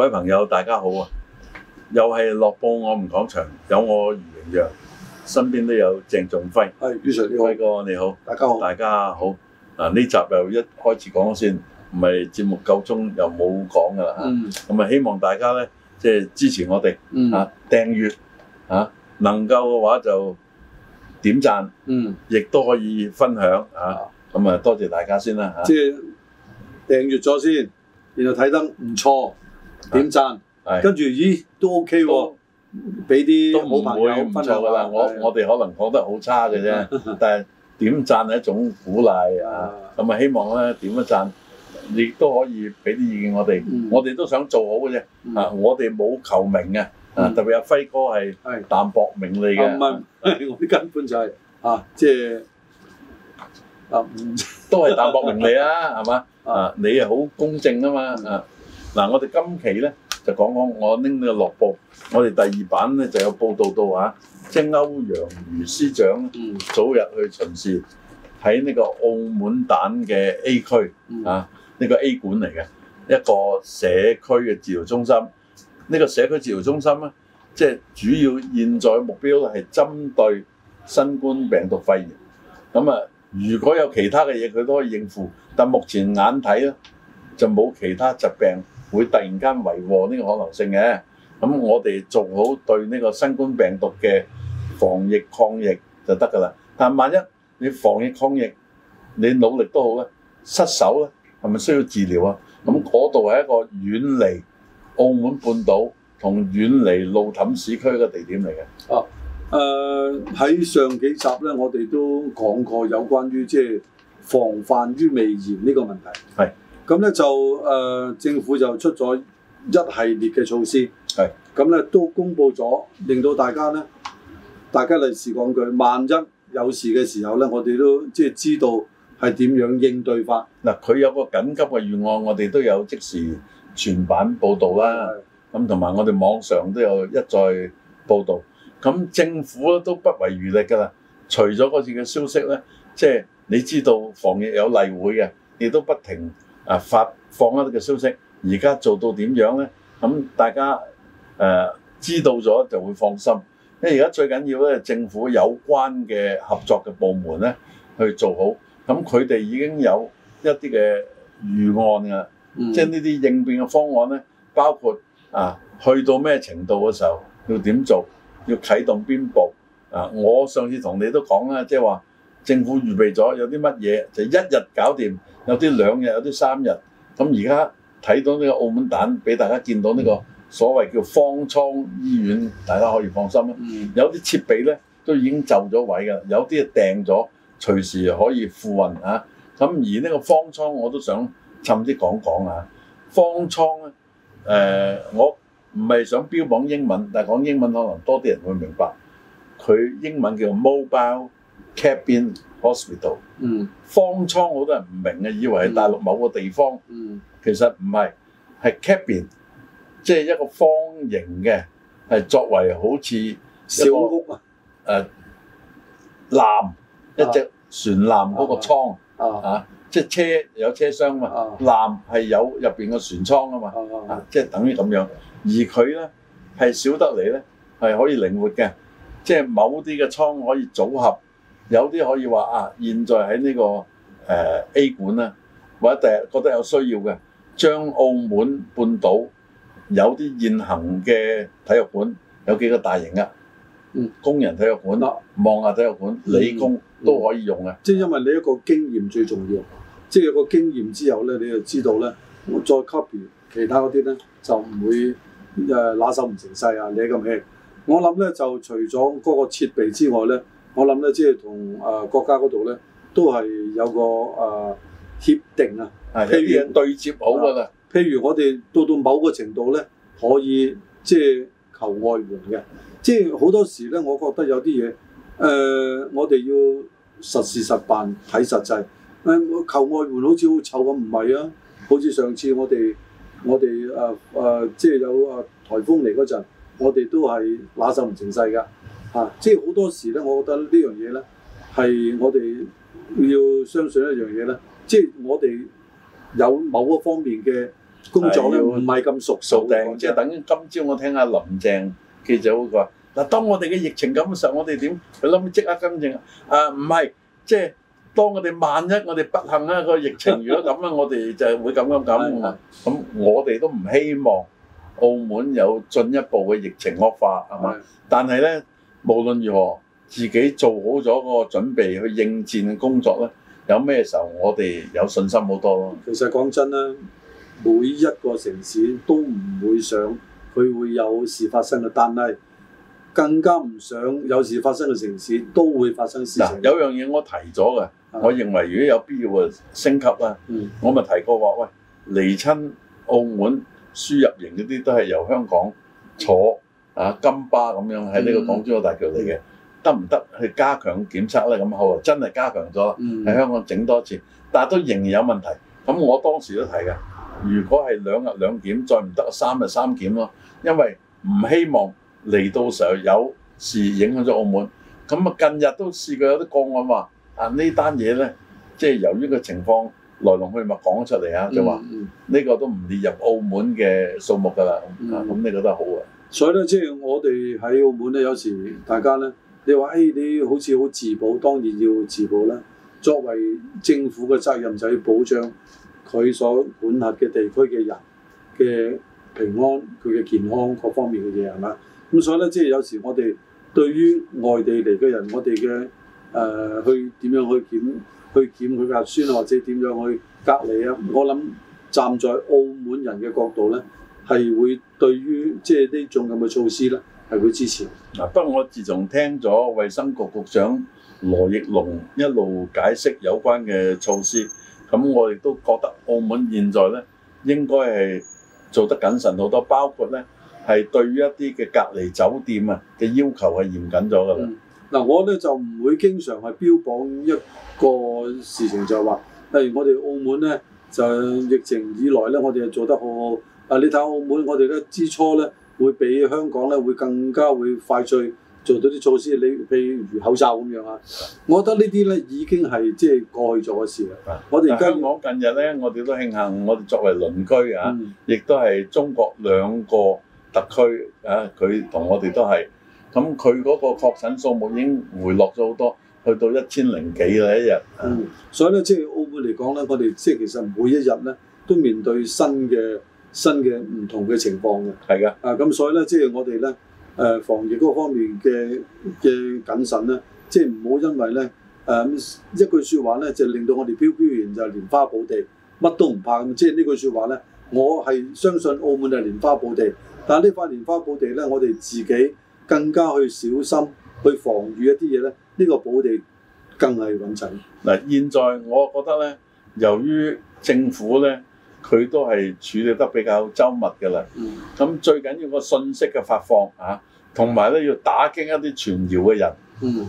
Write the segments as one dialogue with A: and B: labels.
A: 各位朋友，大家好啊！又係樂報我哋講場，有我余榮讓，身邊都有鄭仲輝，係非常之好。輝哥你好，你好，大家好，大家好。嗱、啊、呢集又一開始講先，唔係節目夠鍾又冇講噶啦嚇。咁、嗯、啊，希望大家咧即係支持我哋嚇、嗯啊、訂閱嚇、啊，能夠嘅話就點讚，嗯，
B: 亦都可以分享嚇。咁啊，啊啊多謝大家先啦嚇。即係、就是、訂閱咗先，然後睇得唔錯。點贊，跟住咦都 OK 喎，俾啲都唔會唔錯噶啦。我我哋可能講得好差嘅啫，
A: 但係點贊係一種鼓勵啊，咁咪希望咧點一贊，亦都可以俾啲意見我哋，我哋都想做好嘅啫。啊，我哋冇求名嘅，啊特別阿輝哥係淡薄名利嘅，唔係我根本就係啊，即係啊，都係淡薄名利啊，係嘛？啊，你係好公正啊嘛啊。嗱，我哋今期咧就講講，我拎呢個樂報，我哋第二版咧就有報導到啊，即係歐陽瑜司長、嗯、早日去巡視喺呢個澳門蛋嘅 A 區啊，呢、嗯、個 A 管嚟嘅一個社區嘅治療中心。呢、這個社區治療中心咧，即係主要現在目標係針對新冠病毒肺炎。咁啊，如果有其他嘅嘢佢都可以應付，但目前眼睇咧就冇其他疾病。會突然間為禍呢個可能性嘅，咁我哋做好對呢個新冠病毒嘅防疫抗疫就得㗎啦。但萬一你防疫抗疫你努力都好咧，失手咧係咪需要治療啊？咁嗰度係一個遠離澳門半島同遠離
B: 路氹市區嘅地點嚟嘅。哦，誒喺上幾集咧，我哋都講過有關於即係防範於未然呢個問題。係。咁咧就誒、呃、政府就出咗一系列嘅措施，咁咧是都公布咗，令到大家咧，大家嚟時講句，萬一有事嘅時候咧，我哋都即係知道係點樣應對法。嗱，佢有個緊急嘅預
A: 案，我哋都有即時全版報導啦，咁同埋我哋網上都有一再報導。咁政府咧都不遺餘力噶啦，除咗嗰次嘅消息咧，即係你知道防疫有例會嘅，亦都不停。啊！發放一啲嘅消息，而家做到點樣咧？咁大家誒、呃、知道咗就會放心。因為而家最緊要咧，政府有關嘅合作嘅部門咧，去做好。咁佢哋已經有一啲嘅預案㗎，即係呢啲應變嘅方案咧，包括啊，去到咩程度嘅時候要點做，要啟動邊部。啊！我上次同你都講啦，即係話政府預備咗有啲乜嘢，就一日搞掂。有啲兩日，有啲三日。咁而家睇到呢個澳門蛋，俾大家見到呢個所謂叫方艙醫院，大家可以放心啦。有啲設備呢都已經就咗位㗎，有啲訂咗，隨時可以附運嚇。咁而呢個方艙我都想趁啲講講嚇。方艙呢，誒、呃、我唔係想標榜英文，但係講英文可能多啲人會明白。佢英文叫 mobile。Cabin hospital 嗯方艙好多人唔明嘅，以為係大陸某個地方，嗯嗯、其實唔係，係 Cabin，即係一個方形嘅，係作為好似小屋、呃、啊，誒，艦一隻船艦 𠮶 個艙啊，啊啊即係車有車廂嘛，艦係、啊、有入邊個船艙啊嘛，啊啊即係等於噉樣，而佢咧，係少得嚟咧，係可以靈活嘅，即、就、係、是、某啲嘅艙可以組合。有啲可以話啊，現在喺呢、這個誒、呃、A 館咧，或者第日覺得有需要嘅，將澳門半島有啲現行嘅體育館，
B: 有幾個大型嘅，嗯、工人體育館、望廈、啊、體育館，理工、嗯嗯、都可以用嘅。即係因為你一個經驗最重要，即係有個經驗之後咧，你就知道咧，我再 copy 其他嗰啲咧，就唔會誒、呃、拿手唔成勢啊，你咁輕。我諗咧就除咗嗰個設備之外咧。我諗咧，即係同啊國家嗰度咧，都係有個啊協、呃、定啊，的譬如對接好噶啦、啊。譬如我哋到到某個程度咧，可以即係、就是、求外援嘅。即係好多時咧，我覺得有啲嘢，誒、呃，我哋要實事實辦，睇實際。誒、呃，求外援好似好臭咁，唔係啊。好似上次我哋我哋誒誒，即係有啊颱風嚟嗰陣，我哋、呃呃就是、都係拿手唔成勢噶。啊！即係好多時咧，我覺得這件事呢樣嘢咧，係我哋要相信一樣嘢咧。即係我哋有某一方面嘅工作咧，唔係咁熟熟嘅悉。即係等於今朝我聽阿林鄭
A: 記者話：嗱，當我哋嘅疫情咁嘅時候，我哋點佢諗即刻跟正啊？唔係，即係當我哋萬一我哋不幸咧個疫情如果咁咧， 我哋就會咁咁咁咁。咁的我哋都唔希望澳門有進一步嘅疫情惡化，係咪？的但係咧。無論如何，自己做好咗個準備去
B: 應戰嘅工作咧，有咩時候我哋有信心好多咯。其實講真啦，每一個城市都唔會想佢會有事發生嘅，但係更加唔想有事發生嘅城市都會發生事情。啊、有樣嘢我提咗嘅，的我認為如果有必要啊，升級啊，嗯、我咪提過話，喂
A: 嚟親澳門輸入型嗰啲都係由香港坐。啊，金巴咁樣喺呢個港珠澳大橋嚟嘅，得唔得去加強檢測咧？咁後來，真係加強咗喺、嗯、香港整多次，但都仍然有問題。咁我當時都提㗎，如果係兩日兩檢，再唔得三日三檢咯，因為唔希望嚟到時候有事影響咗澳門。咁啊，近日都試過有啲個案話，啊呢單嘢咧，即係由於個情況來龍去脈講出嚟啊，嗯、就話呢、
B: 呢個都唔列入澳門嘅數目㗎啦。嗯、啊，咁你覺得好啊？所以咧，即係我哋喺澳門咧，有時大家咧，你話誒，你好似好自保，當然要自保啦。作為政府嘅責任，就要保障佢所管轄嘅地區嘅人嘅平安、佢嘅健康各方面嘅嘢，係嘛？咁所以咧，即係有時我哋對於外地嚟嘅人，我哋嘅、呃、去點樣去檢、去檢佢嘅核酸啊，或者點樣去隔離啊？我諗站在澳門人嘅角度咧。係會對於即係呢種咁嘅措施呢係會支持。嗱，不過我自從聽咗衛生局局長羅奕龍
A: 一路解釋有關嘅措施，咁我亦都覺得澳門現在呢應該係做得謹慎好多，包括呢係對於一啲嘅隔離
B: 酒店啊嘅要求係嚴謹咗㗎啦。嗱、嗯，我呢就唔會經常係標榜一個事情就說，就係話例如我哋澳門呢，就疫情以來呢，我哋係做得好好。啊！你睇澳門，我哋咧之初咧會比香港咧會更加會快速做到啲措施，你譬如口罩咁樣啊。我覺得這些呢啲咧已經係即係過去咗嘅事啦。啊、我哋香港近日咧，我哋都慶幸，我哋作
A: 為鄰居啊，亦、嗯、都係中國兩個特區啊，佢同我哋都係。咁佢嗰個確診數目已經回落咗好多，去到一千零
B: 幾嘅一日。嗯，啊、所以咧，即係澳門嚟講咧，我哋即係其實每一日咧都面對新嘅。新嘅唔同嘅情況嘅，係嘅。啊，咁所以咧，即係我哋咧，誒防疫嗰方面嘅嘅謹慎咧，即係唔好因為咧，誒一句説話咧，就令到我哋飄飄然就係蓮花寶地，乜都唔怕咁。即係呢句説話咧，我係相信澳門就係蓮花寶地，但係呢塊蓮花寶地咧，我哋自己更加去小心去防禦一啲嘢咧，呢個寶地更係穩陣。嗱，現在我覺得咧，由於
A: 政府咧。佢都係處理得比較周密嘅啦。咁、嗯、最緊要是個信息嘅發放啊，同埋咧要打擊一啲傳謠嘅人。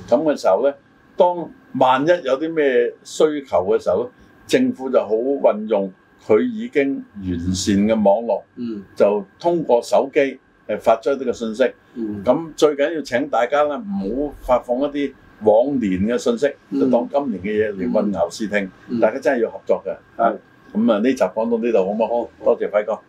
A: 咁嘅、嗯、時候咧，當萬一有啲咩需求嘅時候咧，政府就好運用佢已經完善嘅網絡，嗯、就通過手機嚟發出一啲嘅信息。咁、嗯、最緊要請大家咧唔好發放一啲往年嘅信息，嗯、就當今年嘅嘢嚟混淆視聽。嗯、大家真係要合作嘅。嗯啊咁啊，呢、嗯、集講到呢度好唔好？好，多謝輝哥。